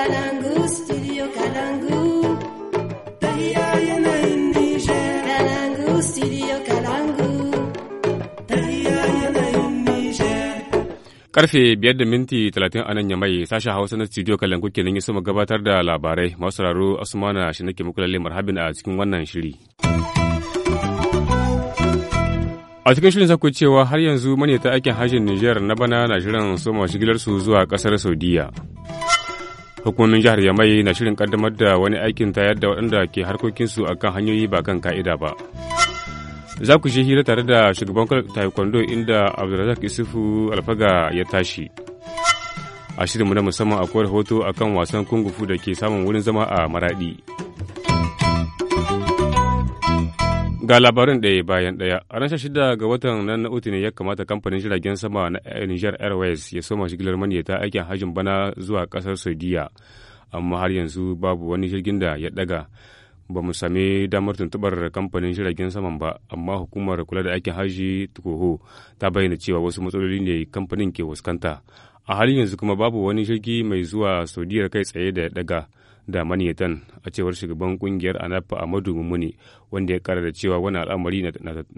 Kalangu, studio Kalangu. yanayin Kalangu, studio Kalangu. yanayin Karfe biyar da minti talatin a nan ya mai sashen Hausa na studio Kalangu kenan ya sama gabatar da labarai masu sauraro Asmana shi nake muku lalle marhabin a cikin wannan shiri. a cikin shirin sako cewa har yanzu ta aikin hajjin niger na bana na jiran soma shigilarsu zuwa kasar saudiya hukumomin jihar yamai na shirin kaddamar da wani aikin ta yadda waɗanda ke harkokinsu a kan hanyoyi ba kan ka'ida ba za ku shi hira tare da shugaban taekwondo inda abdulrazak isufu alfaga ya tashi a shirinmu na musamman akwai rahoto akan wasan kungufu da ke samun wurin zama a maraɗi. Ga labarin ɗaya bayan ɗaya, a ranar shida ga watan nan na uku ne ya kamata kamfanin jiragen sama na Niger Airways ya soma shigilar ta aikin hajjin bana zuwa kasar Saudiya, amma har yanzu babu wani jirgin da ya daga Ba mu sami damar tuntubar kamfanin jiragen saman ba, amma hukumar kula da aikin hajji tukoho ta bayyana cewa wasu matsaloli ne kamfanin ke fuskanta. A halin yanzu kuma babu wani jirgi mai zuwa Saudiya kai tsaye da ya ɗaga. da maniyatan a cewar shugaban kungiyar anafa amadu mumune wanda ya kara da cewa wani al'amari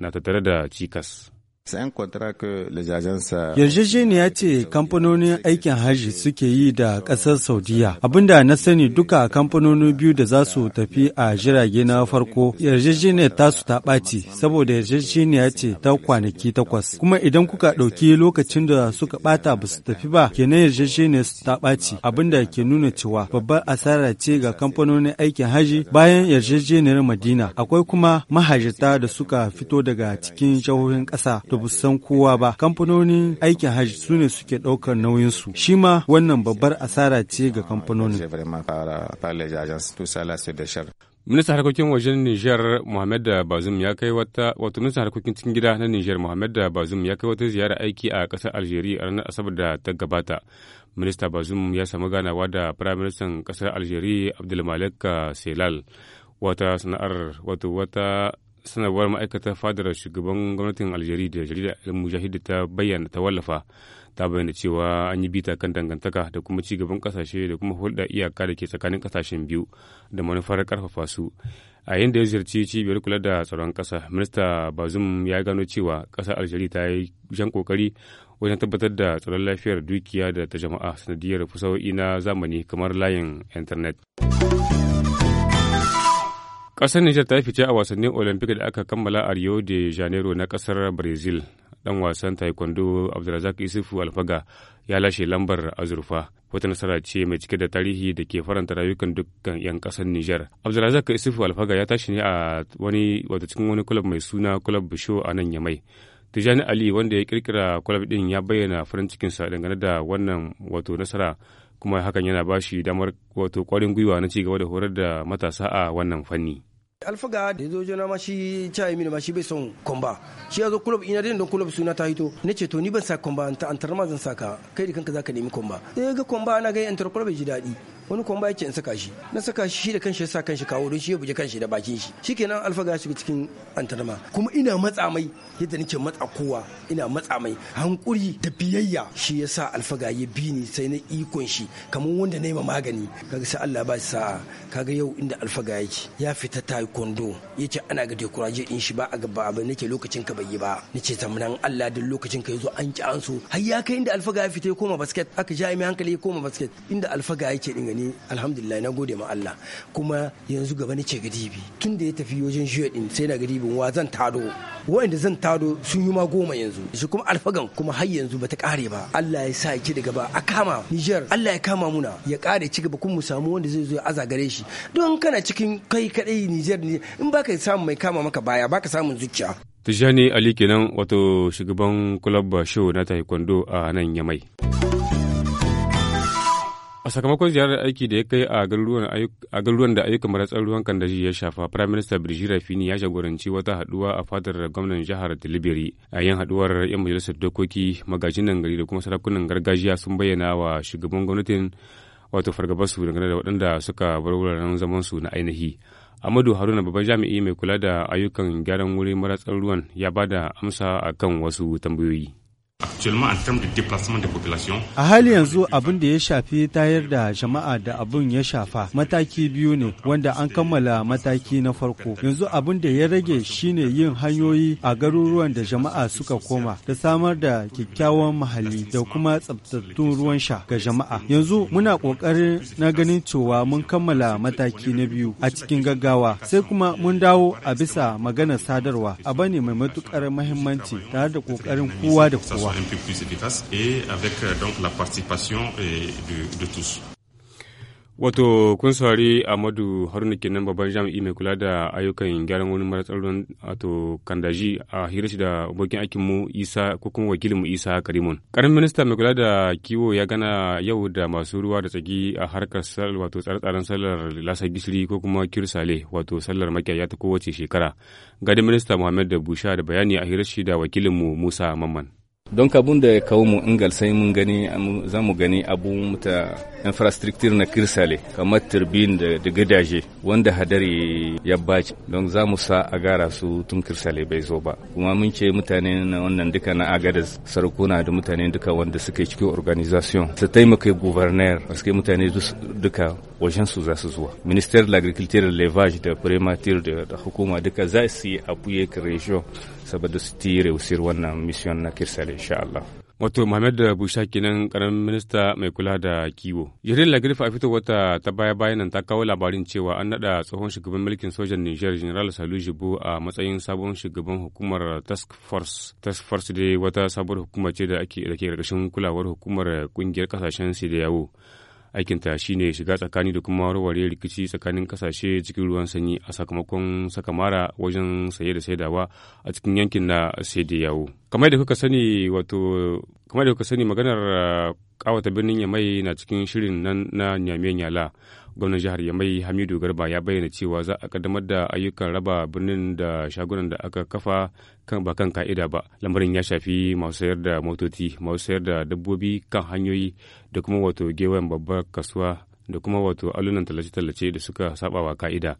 na tattare da cikas. Euh, yarjejeniya ce euh, kamfanonin aikin hajji suke yi da euh, ƙasar Saudiya. Abinda na sani duka kamfanoni biyu da za su tafi a jirage na farko ta tasu ta ɓaci saboda yarjejeniya ce ta kwanaki takwas. Kuma idan kuka ɗauki lokacin da suka ɓata ba su tafi ba kenan yarjejeniyar su ta ɓaci abinda ke nuna cewa babbar asara ce ga kamfanonin aikin hajji bayan yarjejeniyar Madina. Akwai kuma mahajjata da suka fito daga cikin jihohin ƙasa da bu san kowa ba kamfanonin aikin hajji su ne suke ɗaukar nauyinsu su shi ma wannan babbar asara ce ga kamfanonin euh, ministan harkokin wajen nijar mohamed bazum ya kai wata wato ministan harkokin cikin gida na nijar mohamed bazum ya kai wata ziyara aiki a kasar algeria a ranar asabar da ta gabata minista bazum ya samu ganawa da firaministan kasar algeria abdulmalek eh, selal wata sana'ar wato wata sanarwar ma'aikatar fadar shugaban gwamnatin aljeri da jaridar mujahid ta bayyana ta wallafa ta bayyana cewa an yi bita kan dangantaka da kuma ci gaban kasashe da kuma hulɗa iyaka da ke tsakanin kasashen biyu da manufar karfafa su a yayin da ya ziyarci cibiyar kula da tsaron kasa minista bazum ya gano cewa ƙasar aljeri ta yi jan kokari wajen tabbatar da tsaron lafiyar dukiya da ta jama'a sanadiyar fasahohi na zamani kamar layin intanet. Ƙasar Nijar ta fice a wasannin Olympic da aka kammala a Rio de Janeiro na ƙasar Brazil. dan wasan taekwondo Abdulrazak Isufu Alfaga ya lashe lambar azurfa. Wata nasara ce mai cike da tarihi da ke faranta rayukan dukkan 'yan ƙasar Nijar. Abdulrazak Isufu Alfaga ya tashi ne a wani wato cikin wani kulab mai suna kulab Bisho a nan Yamai. Tijani Ali wanda ya kirkira kulab ɗin ya bayyana farin sa dangane da wannan wato nasara kuma hakan yana ba shi damar wato kwarin gwiwa na cigaba da horar da matasa a wannan fanni. alfaga da zo jona ma shi yi mini ma shi bai son komba shi ya zo kulob ina dai don kulob suna ta hito ne ce to ni ban sa komba an tarma zan saka kai da kanka zaka nemi komba sai ga komba ana ga antar kulob ji daɗi wani kuma bai ce in saka shi na saka shi shi da kanshi ya sa kanshi kawo don shi ya buje kanshi da bakin shi shikenan alfaga shiga cikin antarma kuma ina matsa mai yadda nake matsa kowa ina matsa mai hankuri da biyayya shi ya sa alfaga ya bi ni sai na ikon shi kamar wanda na yi ma magani kaga sai Allah ba shi sa'a kaga yau inda alfaga yake ya fita taekwondo yace ana ga dekuraje din shi ba a gaba ba nake lokacin ka bai yi ba nace zamanan Allah da lokacin ka yazo an ki an so har ya kai inda alfaga ya fita ya koma basket aka ja mai hankali ya koma basket inda alfaga yake din ni alhamdulillah na gode ma Allah kuma yanzu gaba nake gadibi tun da ya tafi wajen jiya din sai na gadibin wa zan tado wa'anda zan tado sun yi ma goma yanzu shi kuma alfagan kuma har yanzu bata kare ba Allah ya sa ki daga ba a kama Niger Allah ya kama muna ya kare ci gaba kun mu samu wanda zai zo ya aza gare shi don kana cikin kai kadai Niger ne in baka samu mai kama maka baya baka samun zuciya tijani Ali kenan wato shugaban kulab show na taekwondo a nan Yamai. sakamakon ziyarar aiki da ya kai a garuruwan da ayyukan maratsar ruwan Kandaji ya shafa, Prime Minister Brigitte Rafini ya jagoranci wata haduwa a fadar gwamnan jihar Delivery. A yin haduwar 'yan majalisar dokoki, magajinan gari da kuma sarakunan gargajiya sun bayyana wa shugaban gwamnatin wato fargabarsu dangane da waɗanda suka bar wuraren su na ainihi. Amadu Haruna babban jami'i mai kula da ayyukan gyaran wurin maratsar ruwan ya ba da amsa akan wasu tambayoyi. A hali yanzu abin da ya shafi tayar da jama'a da abin ya shafa mataki biyu ne wanda an kammala mataki na farko. Yanzu abin da ya rage shine yin hanyoyi a garuruwan da jama'a suka koma da samar da kyakkyawan mahalli da kuma tsabtattun ruwan sha ga jama'a. Yanzu muna ƙoƙarin na ganin cewa mun kammala mataki na biyu a cikin gaggawa sai kuma mun dawo a bisa maganar sadarwa abu ne mai matuƙar muhimmanci tare da ƙoƙarin kowa da kowa. soit un peu plus efficace et avec euh, donc la participation euh, de, de tous. Wato kun saurari Amadu Haruna kenan babban jami'i mai kula da ayyukan gyaran wani maratsar ruwan wato kandaji a hirashi da abokin aikin mu Isa ko kuma wakilin mu Isa Karimun. karin minista mai kula da kiwo ya gana yau da masu ruwa da tsaki a harkar sal wato tsare-tsaren sallar lasa gishiri ko kuma kirsale wato sallar makiyaya ta kowace shekara. Gadi minista Muhammad da Busha da bayani a hirashi da wakilin mu Musa Mamman. don kabun da ya kawo mu ingal sai mun gani za mu gani abu ta infrastructure na kirsale kamar turbin da, da gidaje wanda hadari ya baci don za mu sa a gara su tun kirsale bai zo ba kuma mun ce mutane na wannan duka na agada sarakuna da mutane duka wanda suke cikin organization su taimaka gouverneur paske mutane duka wajen su za su zuwa minister de l'agriculture de l'élevage da primature da hukuma duka za su yi apuye region saboda su tire usir wannan mission na kirsal insha Allah wato Muhammad Busha kenan karamin minista mai kula da kiwo. Jirin Lagrif a fito wata ta baya bayan nan ta kawo labarin cewa an nada tsohon shugaban mulkin sojan Niger General Salu Jibo a matsayin sabon shugaban hukumar Task Force. Task Force dai wata sabuwar hukuma ce da ake da ke kulawar hukumar kungiyar kasashen Sidiyawo. aikinta shine shiga tsakani da kuma warware rikici tsakanin kasashe cikin ruwan sanyi a sakamakon sakamara wajen saye da saidawa a cikin yankin na sai da yawo kamar da kuka sani kamar da kuka sani maganar kawata uh, birnin yamai na cikin shirin nan na nyame nyala gwamnan jihar yamai hamidu garba ya bayyana cewa za a kaddamar da ayyukan raba birnin da shagunan da aka kafa ba kan ka'ida ba lamarin ya shafi masu sayar da motoci masu sayar da dabbobi kan hanyoyi da kuma wato gewayen babbar kasuwa da kuma wato alunan tallace-tallace da suka saba wa ka'ida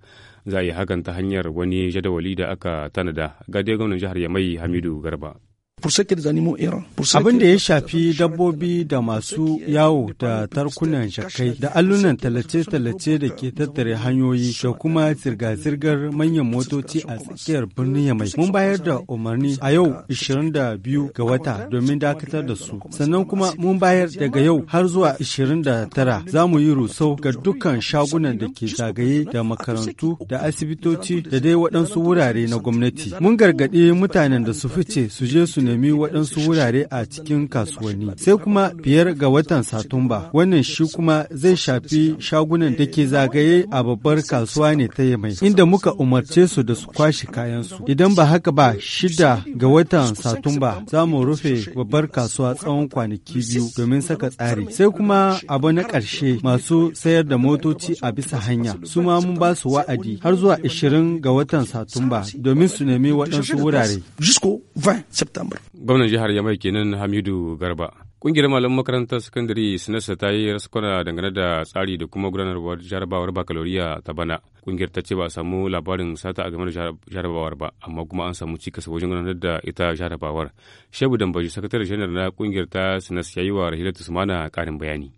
za a yi hakan ta hanyar wani jadawali da aka tanada ga dai gwamnan jihar yamai hamidu garba Abin da ya shafi dabbobi da masu yawo da tarkunan shakai da allunan tallace-tallace da ke tattare hanyoyi da kuma zirga-zirgar manyan motoci a tsakiyar birnin Yamai. Mun bayar da umarni a yau 22 ga wata domin dakatar da su. Sannan kuma mun bayar daga yau har zuwa 29 za mu yi rusau ga dukkan shagunan da ke zagaye da makarantu da asibitoci da dai waɗansu wurare na gwamnati. Mun gargaɗi mutanen da su fice su je su ne nemi waɗansu wurare a cikin kasuwanni. Sai kuma biyar ga watan Satumba, wannan shi kuma zai shafi shagunan da ke zagaye a babbar kasuwa ne ta Yamai, inda muka umarce su da su kwashe kayansu. Idan ba haka ba shida ga watan Satumba za mu rufe babbar kasuwa tsawon kwanaki biyu domin saka tsari. Sai kuma abu na ƙarshe masu sayar da motoci a bisa hanya, su ma mun ba su wa'adi har zuwa 20 ga watan Satumba domin su nemi waɗansu wurare. Jusqu'au 20 septembre. Gwamnan jihar Yamai kenan Hamidu Garba. Kungiyar malaman makarantar sakandare Sinasa ta yi raskwana dangane da tsari da kuma gudanarwar jarabawar bakaloriya ta bana. Kungiyar ta ce ba a samu labarin sata a game da jarabawar ba, amma kuma an samu cikas wajen gudanar da ita jarabawar. Shehu Dambaji, sakatare janar na kungiyar ta ya yi wa rahila tusmana ƙarin bayani.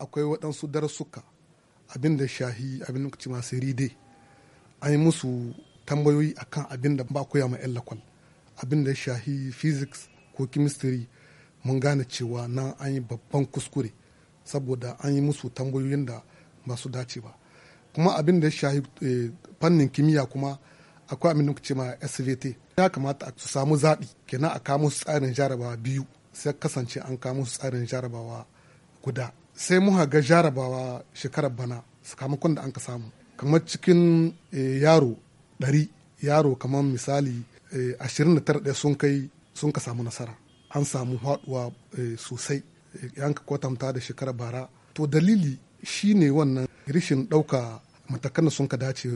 Akwai waɗansu darussuka abin da shahi abin da masu ride an yi musu tambayoyi akan abin da ba koya ma 'yan lakwal. abin da ya shahi physics ko chemistry mun gane cewa na an yi babban kuskure saboda an yi musu tambayoyin da ba su dace ba kuma abin da ya shahi eh, fannin kimiyya kuma akwai abin da ce ma svt ya kamata su samu zaɓi kenan a kamo su tsarin jarabawa biyu sai kasance an kamo su tsarin jarabawa guda sai muka ga jarabawa shekarar bana sakamakon da an ka samu kamar cikin eh, yaro ɗari yaro kamar misali Eh, tara ɗaya sun kai sun ka samu nasara an samu haɗuwa eh, sosai yan eh, ka kwatanta da shekara bara to dalili shine wannan rishin ɗauka matakan da sun ka dace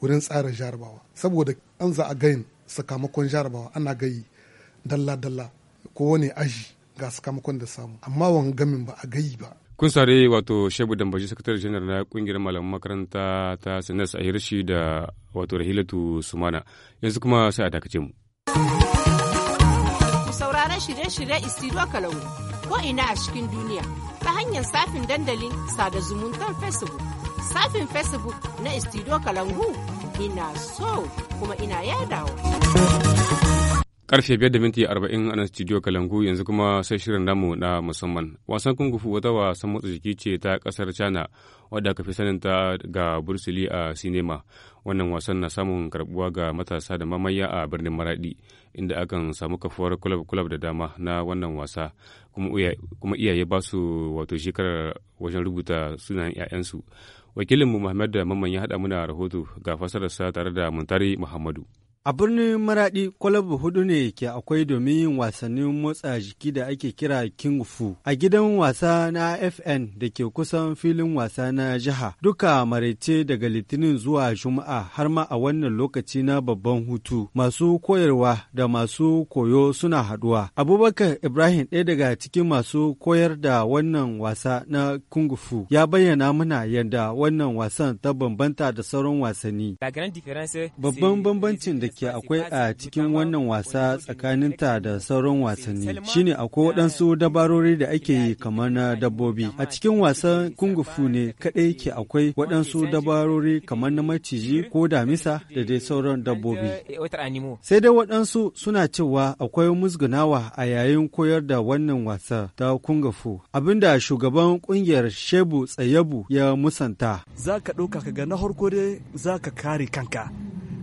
wurin tsara jarabawa saboda an za a gayin sakamakon jarabawa ana gayi dalla-dalla ko wani aji ga sakamakon da samu amma wani gamin ba a gayi ba kun sare wato shebu dambaji sakatare janar na kungiyar malaman makaranta ta sinas a hirshi da wato rahilatu sumana yanzu kuma sai a dakace mu sauraron shirye-shirye istiro kalangu ko ina a cikin duniya ta hanyar safin dandalin sada zumuntar facebook safin facebook na istiro kalangu ina so kuma ina yadawa Karfe biyar da minti arba'in a studio Kalangu yanzu kuma sai shirin namu na musamman. Wasan kungufu wata wasan motsa jiki ce ta kasar China wadda ka fi saninta ga Bursili a sinema. Wannan wasan na samun karbuwa ga matasa da mamaya a birnin Maradi inda akan samu kafuwar kulab-kulab da dama na wannan wasa kuma iyaye ba su wato shekarar wajen rubuta sunan 'ya'yansu. Wakilinmu Muhammad da Mamman ya haɗa muna rahoto ga fasararsa tare da Muntari Muhammadu. A birnin Maradi kwalabu hudu ne ke akwai domin yin wasannin motsa jiki da ake kira King Fu a gidan wasa na FN da ke kusan filin wasa na jiha. Duka maraice daga Litinin zuwa Juma'a har ma a wannan lokaci na babban hutu. Masu koyarwa da masu koyo suna haduwa. Abubakar Ibrahim ɗaya daga cikin masu koyar da wannan wasa na Kung Fu ya bayyana mana yadda wannan wasan ta bambanta da sauran wasanni. Babban eh, bambancin da ke akwai a cikin wannan wasa tsakaninta da sauran wasanni shine akwai waɗansu dabarori da ake yi kamar na dabbobi a cikin wasan kung ne kaɗai ke akwai waɗansu dabarori kamar na maciji ko damisa da dai sauran dabbobi sai dai waɗansu suna cewa akwai musgunawa a yayin koyar da wannan wasa ta kung fu abinda shugaban ƙungiyar shebu tsayabu ya musanta za ka ɗauka ka ga na harko dai za ka kare kanka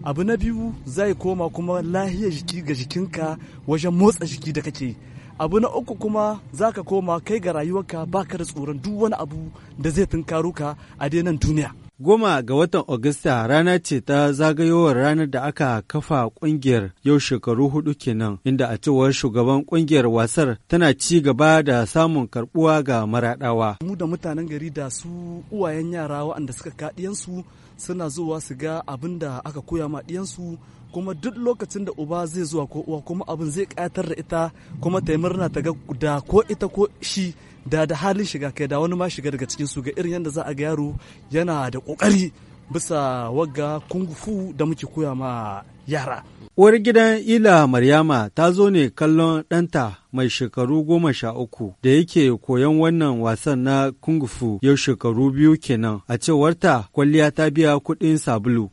abu na biyu zai koma kuma lahiyar jiki ga jikinka wajen motsa jiki da kake abu na uku kuma za ka koma kai ga rayuwarka baka da tsoron duk wani abu da zai tunkaro ka a nan duniya Goma ga watan Agusta rana ce ta zagayowar ranar da aka kafa kungiyar yau shekaru hudu kenan, inda a cewar shugaban kungiyar wasar tana ci gaba da samun karbuwa ga maradawa. Mu da mutanen gari da su uwayen yara waɗanda suka kaɗiyansu suna zuwa su ga abin da aka koya ma ɗiyansu kuma duk lokacin da uba zai zuwa ko uwa kuma abin zai ƙayatar da ita kuma ta murna ta ga da ko ita ko shi da da halin shiga kai da wani ma shiga daga cikin su ga irin yadda za a ga yaro yana da kokari bisa wagga kungufu da muke koya ma yara uwar gidan ila maryama ta zo ne kallon ɗanta mai shekaru goma sha uku da yake koyon wannan wasan na kung fu yau shekaru biyu kenan a cewarta kwalliya ta biya kuɗin sabulu.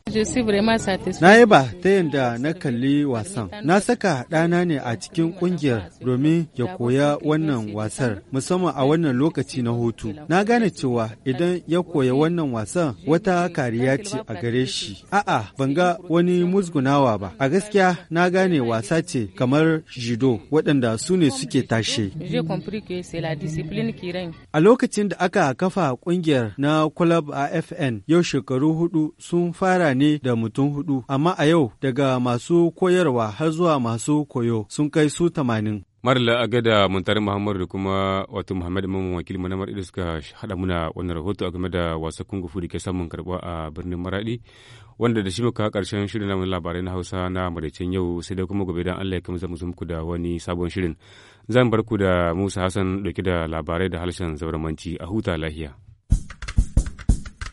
Na yi ba ta yadda na kalli wasan. Na saka ɗana ne a cikin ƙungiyar domin ya koya wannan wasar musamman a wannan lokaci na hutu. Na gane cewa idan ya koya wannan wasan wata kariya ce a gare shi. A'a ban ga wani musgunawa ba. A gaskiya na gane wasa ce kamar jido waɗanda su ne suke tashe. A lokacin da aka kafa kungiyar na a fn yau shekaru hudu sun fara ne da mutum hudu, amma a yau daga masu koyarwa har zuwa masu koyo sun kai su tamanin. marla agada muntari muhammadu da kuma wato muhammadu imam wakil mu na maradi suka hada muna wannan rahoto a game da wasa kungu fudu ke samun karbuwa a birnin maradi wanda da shi muka karshen shirin namun labarai na hausa na madaicen yau sai dai kuma gobe dan allah ya kama zama muku da wani sabon shirin zan bar ku da musa hassan dauke da labarai da harshen zauramanci a huta lahiya